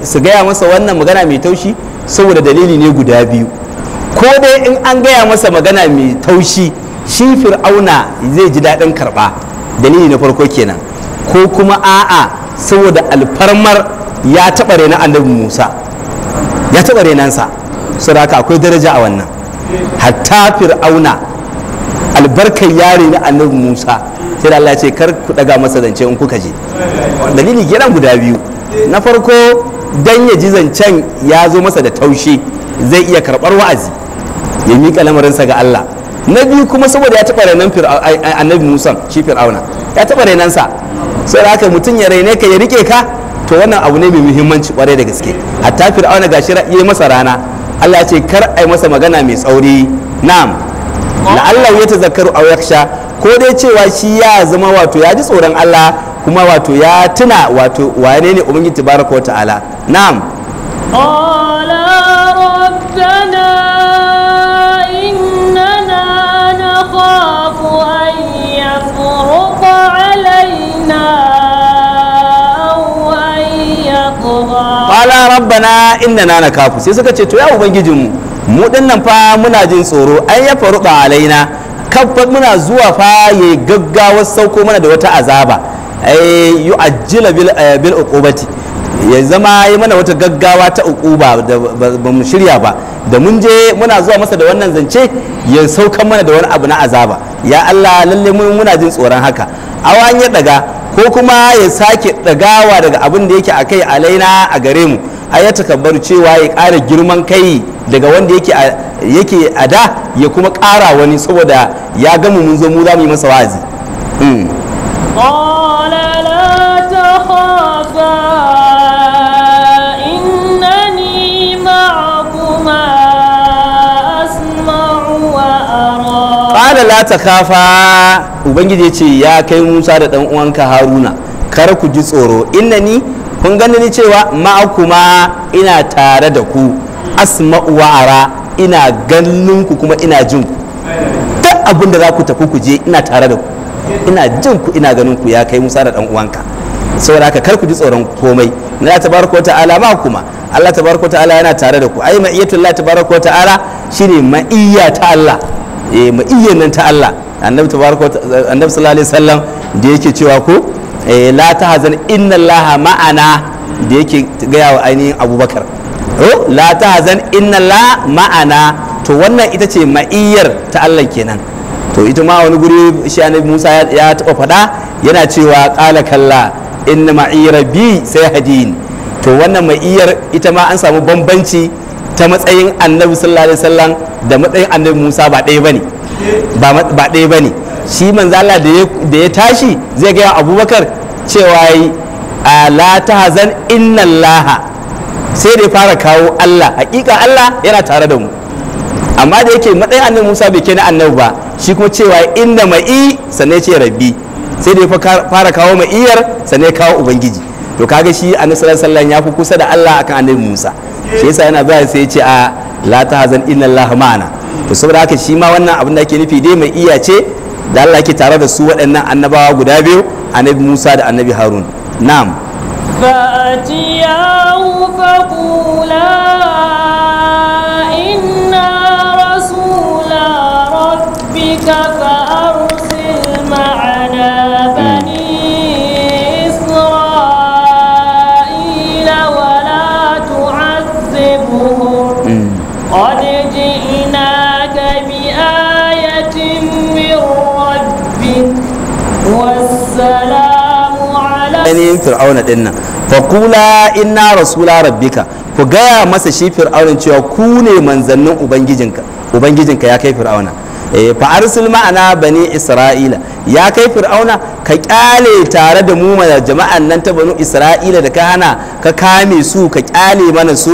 su gaya masa wannan magana mai taushi saboda dalili ne guda biyu ko dai in an gaya masa magana mai taushi shi fir'auna zai ji daɗin karɓa dalili na farko kenan ko kuma a'a saboda alfarmar ya taɓa rena annabi musa ya taɓa su saboda akwai daraja a wannan hatta fir'auna albarkar yare na annabi musa sai da allah ce kar ku ɗaga masa zance in kuka je dalili gidan guda biyu na farko dan ya ji zancen ya zo masa da taushe zai iya karɓar wa'azi ya miƙa lamarinsa ga Allah na biyu kuma saboda ya taɓa rainan annabi musa shi fir'auna ya taɓa rainansa sai aka mutum ya raine ka ya rike ka to wannan abu ne mai muhimmanci kwarai da gaske hatta fir'auna gashi ya yi masa rana Allah ce kar a yi masa magana mai tsauri na'am Allah ya tazakkaru aw yakhsha ko dai cewa shi ya zama wato ya ji tsoron Allah kuma wato ya tuna wato wane ne ubangiji tabaraka wa ta'ala na'am rabbana inna na kafu sai suka ce to ya ubangijin mu dinnan fa muna jin tsoro an ya faru ba alaina kafa muna zuwa fa ya gaggawa sauko mana da wata azaba ai yu bil eh, bil uqubati ya zama yi mana wata gaggawa ta uquba ba mu shirya ba da mun je muna zuwa masa da wannan zance ya saukan mana da wani abu na azaba ya Allah lalle mun muna jin tsoron haka awan ya daga ko kuma ya sake dagawa daga abin da yake akai alaina a gare mu a ya takabbaru cewa ya ƙara girman kai daga wanda yake a da ya kuma ƙara wani saboda ya gama mun zo mu za mu yi masa wa'azi Kada hmm. la ta kafa Ubangiji ce ya kai Musa da ɗan uwanka Haruna kar ku ji tsoro inna ni kun gani ni cewa ma'akuma ina tare da ku asma'u wa'ara ina ganin ku kuma ina jin ku duk abin da za ku tafi ku je ina tare da ku ina jin ku ina ganin ku ya kai musa da dan uwanka saboda haka kar ku ji tsoron komai na tabaraka wa ta'ala ma kuma Allah tabaraka wa ta'ala yana tare da ku ai ma'iyatullah tabaraka wa ta'ala shine ma'iyya ta Allah eh ma'iyyan nan ta Allah annabi tabaraka annabi sallallahu alaihi wasallam da yake cewa ko Eh, la la hazan inna Laha ma'ana da yake gaya wa ainihin abubakar oh, la hazan inna allaha ma'ana to wannan ita ce ma'iyyar ta Allah kenan to ita ma wani guri shi annabi Musa ya taɓa faɗa yana cewa ƙala kalla inna ma'iyyar bi sai hadin to wannan ma'iyyar ita ma an samu bambanci ta matsayin annabi sallallahu alaihi wasallam da matsayin annabi Musa ba ɗaya bane ba ɗaya bane shi Manzala Allah da ya tashi zai gaya abubakar cewa yi la ta hazan inna laha sai da ya fara kawo Allah hakika Allah yana tare da mu amma da yake matsayin annabi Musa bai kai na annabi ba shi kuma cewa inda ma'i sannan ce rabbi sai da ya fara kawo ma'iyar sannan ya kawo ubangiji to kaga shi annabi sallallahu alaihi ya fi kusa da Allah akan annabi Musa shi yasa yana zuwa sai ya ce a la ta hazan inna laha ma'ana to saboda haka shi ma wannan abin da ake nufi dai mai iya ce da Allah ke tare da su waɗannan annabawa guda biyu annabi Musa da annabi Harun na'am fa'atiyahu faqula fir'auna din nan fa kula inna rasula rabbika ku gaya masa shi fir'aunan cewa ku ne manzannin ubangijinka ubangijinka ya kai fir'auna eh fa arsil ma'ana bani isra'ila ya kai fir'auna ka kyale tare da mu jama'an nan ta banu isra'ila da ka hana ka kame su ka kyale mana su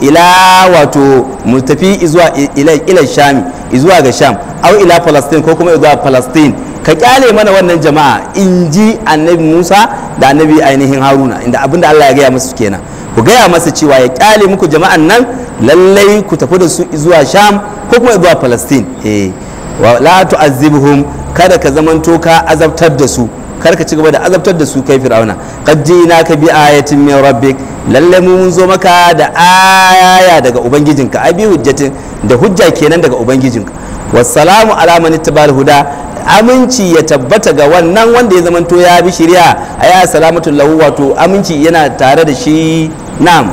ila wato mu tafi zuwa ila shami zuwa ga sham au ila palestine ko kuma zuwa palestine ka kyale mana wannan jama'a in ji annabi musa da annabi ainihin haruna inda abinda allah ya gaya masu kenan ku gaya masa cewa ya kyale muku jama'an nan lallai ku tafi da su zuwa sham ko kuma zuwa palestine eh wa la tu'azzibhum kada ka zamanto ka azabtar da su kar ka ci gaba da azabtar da su kai fir'auna qad jina ka bi ayatin min rabbik lalle mu mun zo maka da aya daga ubangijinka abi hujjatin da hujja kenan daga ubangijinka wassalamu ala man bada huda aminci ya tabbata ga wannan wanda ya zamanto ya bi shirya a ya salamatu lahu wato aminci yana tare da shi nam.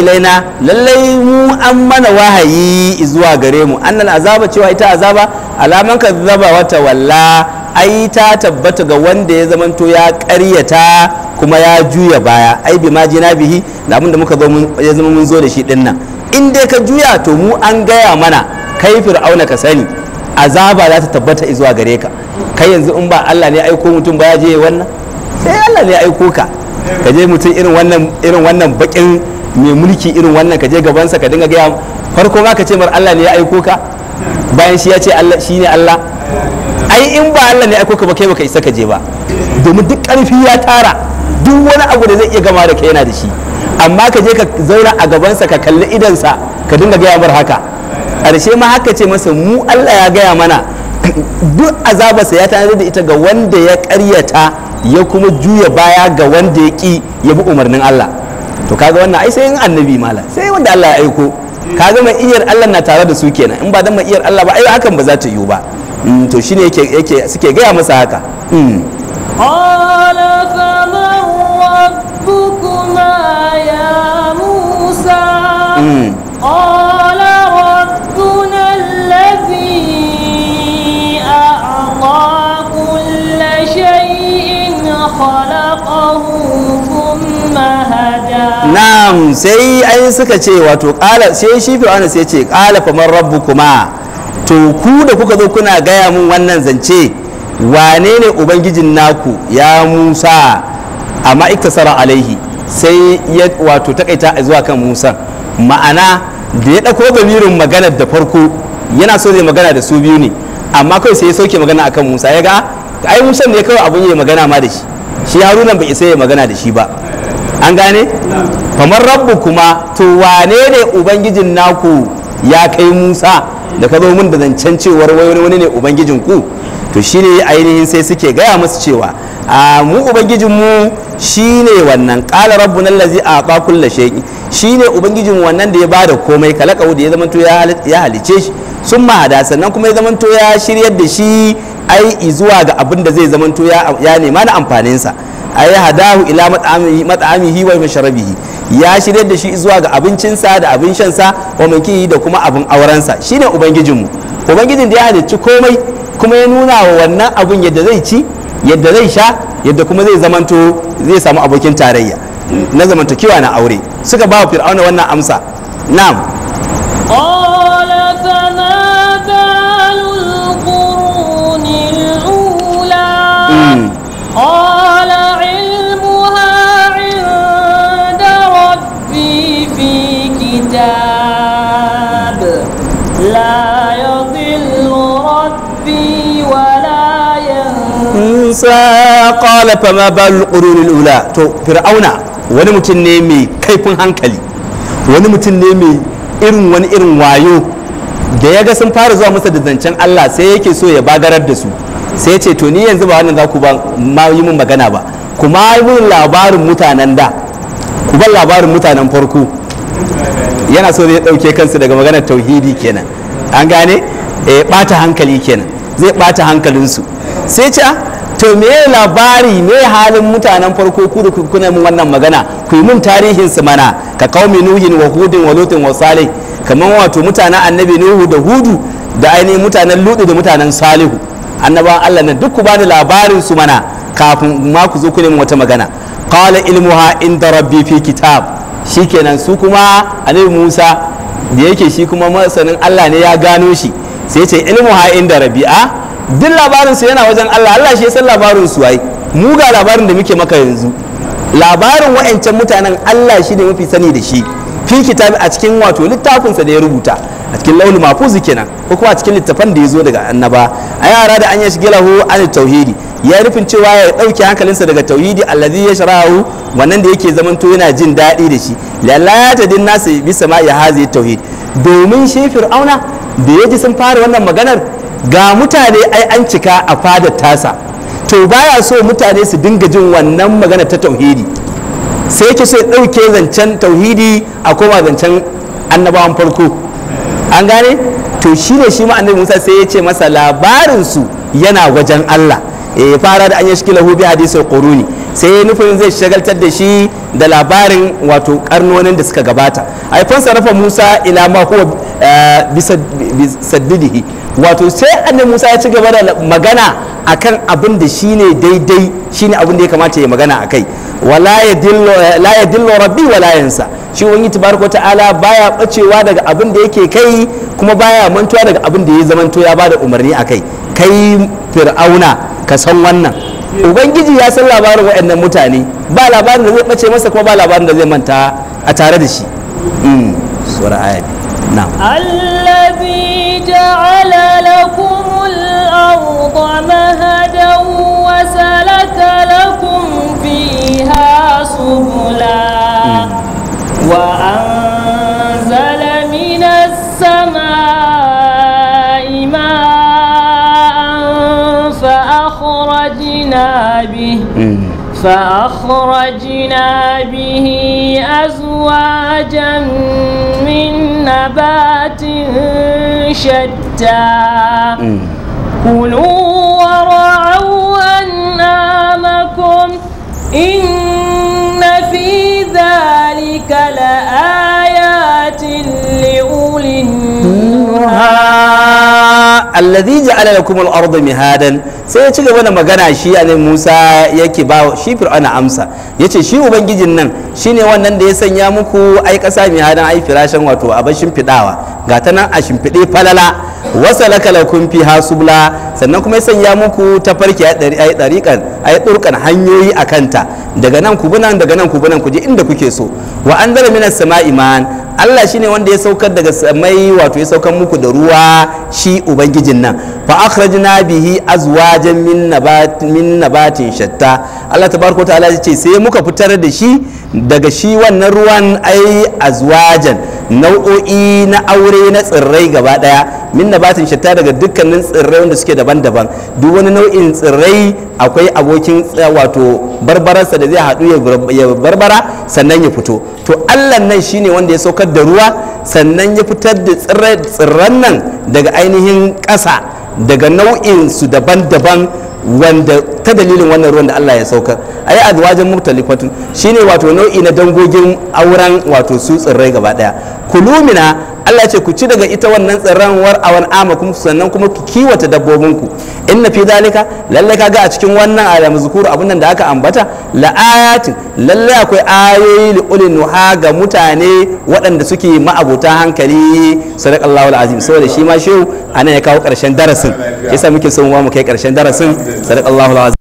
ilaina lallai mu an mana wahayi zuwa gare mu annal azaba cewa ita azaba alaman ka zaba wata walla ai ta tabbata ga wanda ya zamanto ya karyata kuma ya juya baya ai bi ma jina bihi da abin da muka zo ya zama mun zo da shi dinnan in dai ka juya to mu an gaya mana kai fir'auna ka sani azaba za ta tabbata zuwa gare ka kai yanzu in ba Allah ne aiko mutum ba ya je wannan sai Allah ne aiko ka ka je mutum irin wannan irin wannan bakin mai mulki irin wannan ka je gabansa ka dinga gaya ma ka ce mar Allah ne ya aiko ka bayan shi ya ce Allah shi ne Allah ai in ba Allah ne ya aiko ka ba kai baka isa ka je ba domin duk ƙarfi ya tara duk wani abu da zai iya gama da kai yana da shi amma ka je ka zauna a gabansa ka kalli idansa ka dinga gaya mar haka ƙarshe ma haka ce masa mu Allah ya gaya mana duk azabarsa ya tanadar da ita ga wanda ya ƙaryata ya kuma juya baya ga wanda ya ƙi ya bi umarnin Allah to kaga wannan ai sai in annabi mala sai wanda Allah ya aiko kaga mai iyar Allah na tare da su kenan in ba dan mai iyar Allah ba ai hakan ba za ta yiwu ba mm, to shine yake yake suke gaya masa haka mm. qala faman ya musa mm. na'am sai ai suka ce wato kala sai shi fir'auna sai ce kala man rabbukuma to ku da kuka zo kuna gaya mun wannan zance wane ne ubangijin naku ya Musa amma iktasara alaihi sai ya wato takaita zuwa kan Musa ma'ana da ya ɗauko gamirin maganar da farko yana so zai magana da su biyu ne amma kawai sai ya sauke magana akan Musa ya ga ai Musa ne kawai abun ya magana ma da shi shi Haruna bai isa ya magana da shi ba an gane kamar rabbu kuma to wane ne ubangijin naku ya kai musa da ka zo mun da zancen cewar wani wani ne ubangijin ku to shine ainihin sai suke gaya musu cewa a mu ubangijin mu shine wannan qala rabbuna allazi aqa kulla shi shine ubangijin wannan da ya bada komai kalakau da ya zamanto ya halice shi sun mahada sannan kuma ya zamanto ya shiryar da shi ai zuwa ga abin da zai zamanto ya nema na amfaninsa ay hadahu ila mat'amihi mat'amihi wa masharabihi ya shirye da shi zuwa ga abincinsa da abin shansa wa mankihi da kuma abin aurensa shine ubangijinmu ubangijin da ya halicci komai kuma ya nuna wa wannan abin yadda zai ci yadda zai sha yadda kuma zai zamanto zai samu abokin tarayya na zamantakewa na aure suka ba wa fir'auna wannan amsa na'am musa kala fa ma balul ni ula to fir'auna wani mutum ne mai kaifin hankali wani mutum ne mai irin wani irin wayo da ya ga sun fara zuwa masa da zancen Allah sai yake so ya bagarar da su sai ce to ni yanzu ba wannan za ku ba ma yi mun magana ba kuma yi labarin mutanen da ku bar labarin mutanen farko yana so ya dauke kansu daga maganar tauhidi kenan an gane eh bata hankali kenan zai bata hankalinsu sai ce ah, to me labari me halin mutanen farko ku da kuna mun wannan magana ku yi mun tarihin su mana ka kaumi nuhin wa hudin wa lutin wa salih kaman wato mutanen annabi nuhu da hudu da ainihin mutanen lutu da mutanen salihu annaban Allah na duk ku bani labarin su mana kafin ma ku zo ku nemi wata magana qala ilmuha inda rabbi fi kitab shikenan su kuma annabi Musa da yake shi kuma masanin Allah ne ya gano shi sai ce ilmuha inda Rabi'a. Ah? duk labarinsu yana wajen Allah Allah shi ya san labarin su ai mu ga labarin da muke maka yanzu labarin wa'ancan mutanen Allah shi ne mafi sani da shi fi kitabi a cikin wato littafinsa da ya rubuta a cikin launin mafuzu kenan ko kuma a cikin littafan da ya zo daga annaba a yara da an ya shige lahu an tauhidi ya rufin cewa ya dauke sa daga tauhidi allazi ya sharahu wannan da yake zamanto yana jin daɗi da shi ta din nasu bisa ma ya hazi tauhid domin shi fir'auna da ya ji sun fara wannan maganar ga mutane ai an cika a fadar tasa to baya so mutane su dinga jin wannan magana ta tauhidi sai yake so ya ɗauke zancen tauhidi a koma zancen annabawan farko an gane to shi ne shi ma musa sai ya ce masa labarinsu yana wajen allah e fara da an yi shi lahu hadisi hadisul sai ya nufin zai shagaltar da shi da labarin wato karnonin da suka gabata yi fansa sarrafa musa ila ma huwa bisaddidihi wato sai annabi Musa ya ci gaba da magana akan abin da shine daidai shine abin da ya kamata ya magana akai wala ya la dillo rabbi wala yansa shi wani tabaraka ta'ala baya bacewa daga abin da yake kai kuma baya mantuwa daga abin da ya zamanto ya bada umarni akai kai fir'auna ka san wannan ubangiji ya san labarin waɗannan mutane ba labarin da zai bace masa kuma ba labarin da zai manta a tare da shi نعم الذي جعل لكم الأرض مهدا وسلك لكم فيها سبلا فأخرجنا به أزواجا من نبات شتى كلوا ورعوا أنامكم إن في ذلك لآية alladhi ja'ala lakum al-ardha mihadan sai ya ci gaba da magana shi ne Musa yake ba shi Fir'auna amsa yace shi ubangijin nan shine wannan da ya sanya muku ai kasa mihadan ai firashin wato abin fidawa ga ta nan a shimfiɗe falala wasalaka lakum fi hasubla sannan kuma ya sanya muku ta ai dariqan ai turkan hanyoyi akanta daga nan ku daga nan ku bunan ku je inda kuke so wa anzala minas sama'i ma'an Allah shine wanda ya saukar daga samai wato ya saukar muku da ruwa shi ubangiji 呢？fa na bihi azwajan min na batin shatta Allah tabaraka ta'ala ya ce sai muka fitar da shi daga shi wannan ruwan ai azwajan nau'o'i na aure na tsirrai gaba daya min batin shatta daga dukkanin tsirrai wanda suke daban-daban duk wani nau'in tsirrai akwai abokin wato barbararsa da zai haɗu ya barbara sannan ya fito to Allah nan shine wanda ya saukar da ruwa sannan ya fitar da tsirran nan daga ainihin ƙasa daga nau'in su daban-daban wanda ta dalilin wannan ruwan da Allah ya sauka a yi azwajin mutalifatun shine wato nau'i na dangogin auren wato su tsirrai gaba daya kulumina Allah ce ku ci daga ita wannan tsirran war a awan amakum sannan kuma ku kiwata dabbobinku inna fi zalika lalle ga a cikin wannan alam zukuru abun nan da aka ambata la ayatin lalle akwai ayoyi li ulin nuha ga mutane waɗanda suke ma'abuta hankali sadaqallahu alazim saboda shi ma shehu anan ya kawo karshen darasin yasa muke son mu kai karshen darasin sadaqallahu alazim